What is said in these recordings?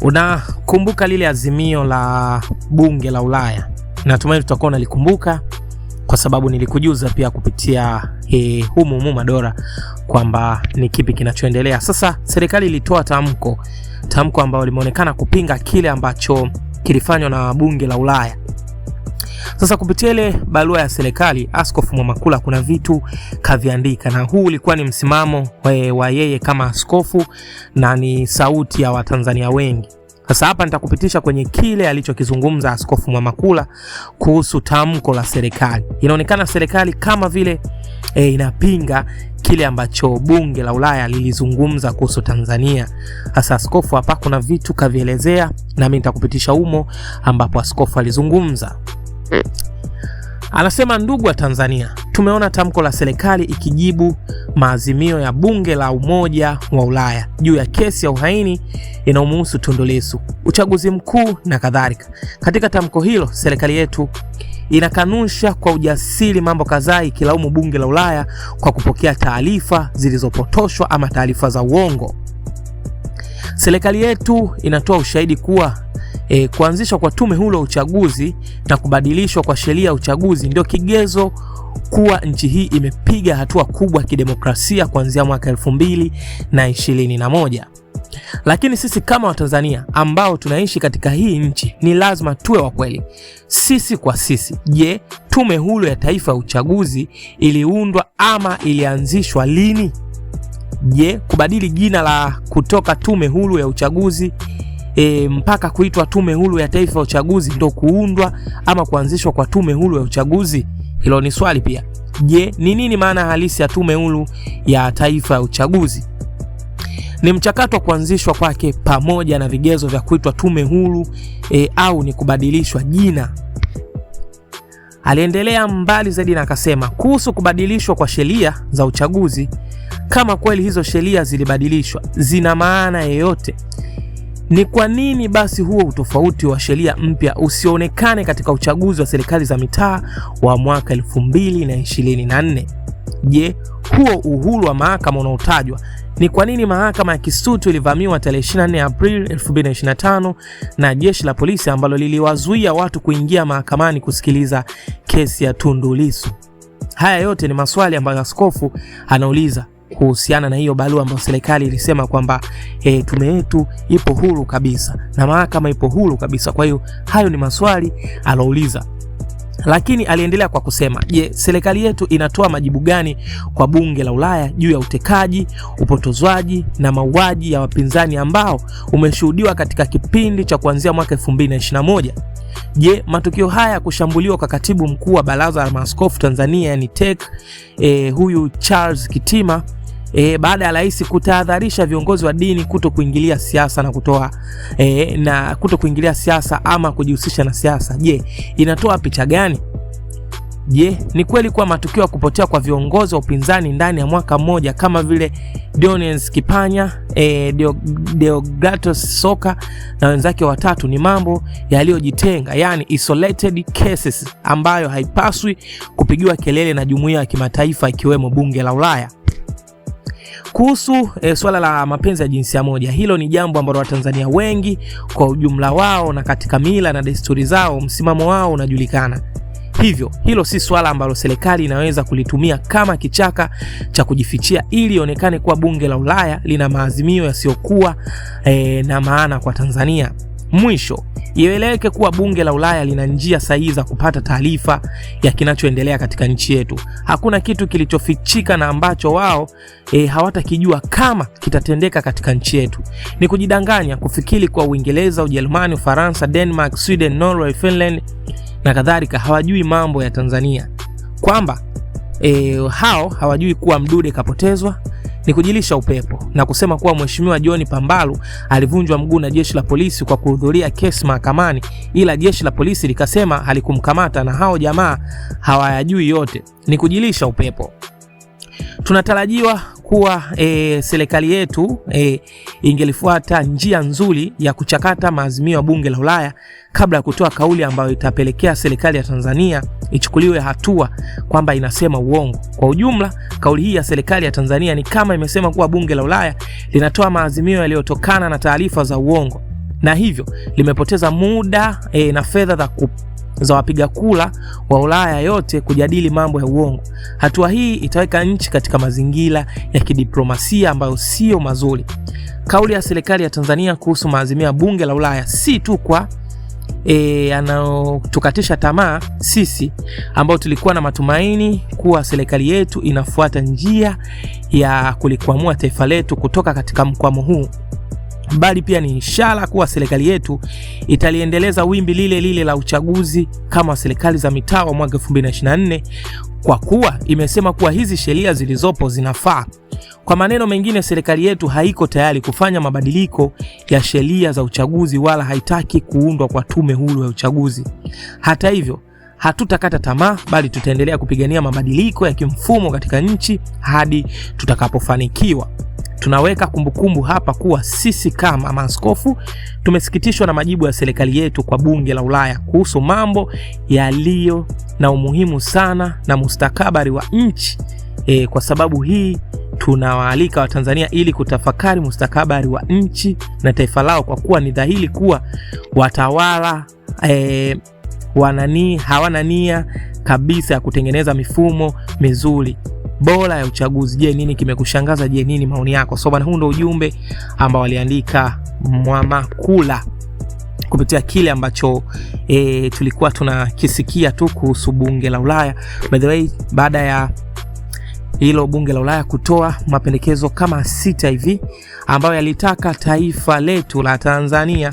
Unakumbuka lile azimio la bunge la Ulaya? Natumai tutakuwa unalikumbuka kwa sababu nilikujuza pia kupitia e, humu humu Madora kwamba ni kipi kinachoendelea sasa. Serikali ilitoa tamko, tamko ambalo limeonekana kupinga kile ambacho kilifanywa na bunge la Ulaya sasa kupitia ile barua ya serikali, Askofu Mwamakula kuna vitu kaviandika, na huu ulikuwa ni msimamo eh, wa yeye kama askofu na ni sauti ya Watanzania wengi. Sasa hapa nitakupitisha kwenye kile alichokizungumza Askofu Mwamakula kuhusu tamko la serikali. Inaonekana serikali kama vile e, inapinga kile ambacho bunge la Ulaya lilizungumza kuhusu Tanzania. Sasa askofu hapa kuna vitu kavielezea, nami nitakupitisha humo ambapo askofu alizungumza. Anasema ndugu wa Tanzania, tumeona tamko la serikali ikijibu maazimio ya bunge la Umoja wa Ulaya juu ya kesi ya uhaini inayomhusu Tundu Lissu, uchaguzi mkuu na kadhalika. Katika tamko hilo, serikali yetu inakanusha kwa ujasiri mambo kadhaa, ikilaumu bunge la Ulaya kwa kupokea taarifa zilizopotoshwa ama taarifa za uongo. Serikali yetu inatoa ushahidi kuwa e, kuanzishwa kwa tume huru ya uchaguzi na kubadilishwa kwa sheria ya uchaguzi ndio kigezo kuwa nchi hii imepiga hatua kubwa ya kidemokrasia kuanzia mwaka moja. Lakini sisi kama Watanzania ambao tunaishi katika hii nchi ni lazima tuwe wa kweli sisi kwa sisi. Je, tume huru ya taifa ya uchaguzi iliundwa ama ilianzishwa lini? Je, kubadili jina la kutoka tume huru ya uchaguzi e, mpaka kuitwa Tume Huru ya Taifa ya Uchaguzi ndo kuundwa ama kuanzishwa kwa Tume Huru ya Uchaguzi? Hilo ni swali pia. Je, ni nini maana halisi ya Tume Huru ya Taifa ya Uchaguzi? Ni mchakato wa kuanzishwa kwake pamoja na vigezo vya kuitwa tume huru e, au ni kubadilishwa jina. Aliendelea mbali zaidi na akasema kuhusu kubadilishwa kwa sheria za uchaguzi, kama kweli hizo sheria zilibadilishwa, zina maana yoyote? Ni kwa nini basi huo utofauti wa sheria mpya usionekane katika uchaguzi wa serikali za mitaa wa mwaka 2024? Je, huo uhuru wa mahakama unaotajwa ni kwa nini mahakama ya Kisutu ilivamiwa tarehe 24 Aprili 2025 na jeshi la polisi ambalo liliwazuia watu kuingia mahakamani kusikiliza kesi ya Tundu Lissu? Haya yote ni maswali ambayo askofu anauliza kuhusiana na hiyo barua ambayo serikali ilisema kwamba e, tume yetu ipo huru kabisa na mahakama ipo huru kabisa. Kwa hiyo hayo ni maswali alouliza, lakini aliendelea kwa kusema, je, serikali yetu inatoa majibu gani kwa bunge la Ulaya juu ya utekaji, upotozwaji na mauaji ya wapinzani ambao umeshuhudiwa katika kipindi cha kuanzia mwaka 2021? Je, matukio haya kushambuliwa kwa katibu mkuu wa Baraza la Maaskofu Tanzania yani TEC e, huyu Charles Kitima E, baada ya rais kutahadharisha viongozi wa dini kuto kuingilia siasa na kutoa e, na kuto kuingilia siasa ama kujihusisha na siasa, je, inatoa picha gani? Je, ni kweli kuwa matukio ya kupotea kwa viongozi wa upinzani ndani ya mwaka mmoja kama vile Dionis Kipanya, e, eh, Deogatos Soka na wenzake watatu ni mambo yaliyojitenga, yani isolated cases ambayo haipaswi kupigiwa kelele na jumuiya ya kimataifa ikiwemo bunge la Ulaya? Kuhusu e, swala la mapenzi ya jinsia moja, hilo ni jambo ambalo Watanzania wengi kwa ujumla wao na katika mila na desturi zao, msimamo wao unajulikana Hivyo hilo si swala ambalo serikali inaweza kulitumia kama kichaka cha kujifichia ili ionekane kuwa bunge la Ulaya lina maazimio yasiyokuwa e, na maana kwa Tanzania. Mwisho, ieleweke kuwa bunge la Ulaya lina njia sahihi za kupata taarifa ya kinachoendelea katika nchi yetu. Hakuna kitu kilichofichika na ambacho wao e, hawatakijua kama kitatendeka katika nchi yetu. Ni kujidanganya kufikiri kwa Uingereza, Ujerumani, Ufaransa, Denmark, Sweden, Norway, Finland na kadhalika hawajui mambo ya Tanzania, kwamba e, hao hawajui kuwa Mdude kapotezwa ni kujilisha upepo na kusema kuwa Mheshimiwa John Pambalu alivunjwa mguu na jeshi la polisi kwa kuhudhuria kesi mahakamani, ila jeshi la polisi likasema halikumkamata na hao jamaa hawayajui yote. Ni kujilisha upepo. Tunatarajiwa kuwa e, serikali yetu e, ingelifuata njia nzuri ya kuchakata maazimio ya bunge la Ulaya kabla ya kutoa kauli ambayo itapelekea serikali ya Tanzania ichukuliwe hatua kwamba inasema uongo. Kwa ujumla, kauli hii ya serikali ya Tanzania ni kama imesema kuwa bunge la Ulaya linatoa maazimio yaliyotokana na taarifa za uongo na hivyo limepoteza muda e, na fedha za ku za wapiga kula wa Ulaya yote kujadili mambo ya uongo. Hatua hii itaweka nchi katika mazingira ya kidiplomasia ambayo sio mazuri. Kauli ya serikali ya Tanzania kuhusu maazimio ya bunge la Ulaya si tu kwa e, anayotukatisha tamaa sisi ambao tulikuwa na matumaini kuwa serikali yetu inafuata njia ya kulikwamua taifa letu kutoka katika mkwamo huu bali pia ni ishara kuwa serikali yetu italiendeleza wimbi lile lile la uchaguzi kama serikali za mitaa wa mwaka 2024 kwa kuwa imesema kuwa hizi sheria zilizopo zinafaa. Kwa maneno mengine, serikali yetu haiko tayari kufanya mabadiliko ya sheria za uchaguzi wala haitaki kuundwa kwa tume huru ya uchaguzi. Hata hivyo, hatutakata tamaa, bali tutaendelea kupigania mabadiliko ya kimfumo katika nchi hadi tutakapofanikiwa tunaweka kumbukumbu hapa kuwa sisi kama maaskofu tumesikitishwa na majibu ya serikali yetu kwa bunge la Ulaya kuhusu mambo yaliyo na umuhimu sana na mustakabali wa nchi. E, kwa sababu hii tunawaalika Watanzania ili kutafakari mustakabali wa nchi na taifa lao, kwa kuwa ni dhahiri kuwa watawala e, wanani hawana nia kabisa ya kutengeneza mifumo mizuri bora ya uchaguzi. Je, nini kimekushangaza? Je, nini maoni yako? So bwana, huu ndo ujumbe ambao aliandika Mwamakula kupitia kile ambacho e, tulikuwa tunakisikia tu kuhusu bunge la Ulaya. By the way, baada ya hilo bunge la Ulaya kutoa mapendekezo kama sita hivi ambayo yalitaka taifa letu la Tanzania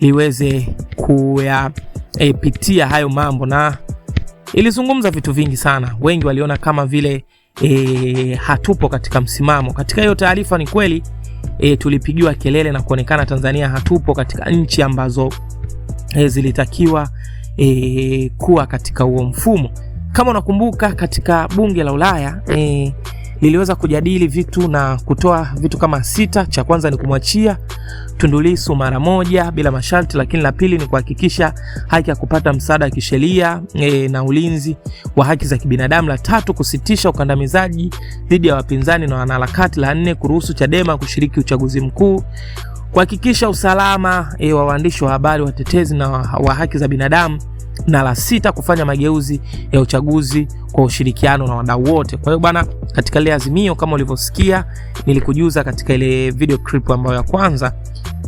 liweze kuyapitia e, hayo mambo, na ilizungumza vitu vingi sana. Wengi waliona kama vile e, hatupo katika msimamo. Katika hiyo taarifa ni kweli e, tulipigiwa kelele na kuonekana Tanzania hatupo katika nchi ambazo e, zilitakiwa e, kuwa katika huo mfumo. Kama unakumbuka katika bunge la Ulaya e, liliweza kujadili vitu na kutoa vitu kama sita. Cha kwanza ni kumwachia Tundu Lissu mara moja bila masharti, lakini la pili ni kuhakikisha haki ya kupata msaada wa kisheria e, na ulinzi wa haki za kibinadamu. La tatu kusitisha ukandamizaji dhidi ya wapinzani na wanaharakati. La nne kuruhusu Chadema kushiriki uchaguzi mkuu kuhakikisha usalama e, wa waandishi wa habari, watetezi na wa haki za binadamu na la sita, kufanya mageuzi ya uchaguzi kwa ushirikiano na wadau wote. Kwa hiyo bwana, katika ile azimio kama ulivyosikia nilikujuza katika ile video clip ambayo ya kwanza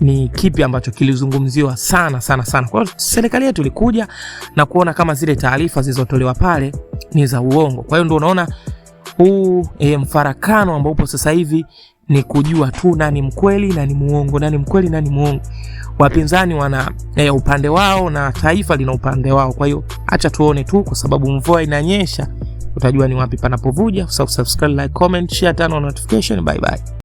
ni kipi ambacho kilizungumziwa sana sana sana. Kwa hiyo serikali yetu ilikuja na kuona kama zile taarifa zilizotolewa pale ni za uongo. Kwa hiyo ndio unaona huu e, mfarakano ambao upo sasa hivi ni kujua tu nani mkweli nani muongo, nani mkweli nani muongo. Wapinzani wana eh, upande wao na taifa lina upande wao. Kwa hiyo acha tuone tu, kwa sababu mvua inanyesha, utajua ni wapi panapovuja. Subscribe, like, comment, share, turn on notification. Bye bye.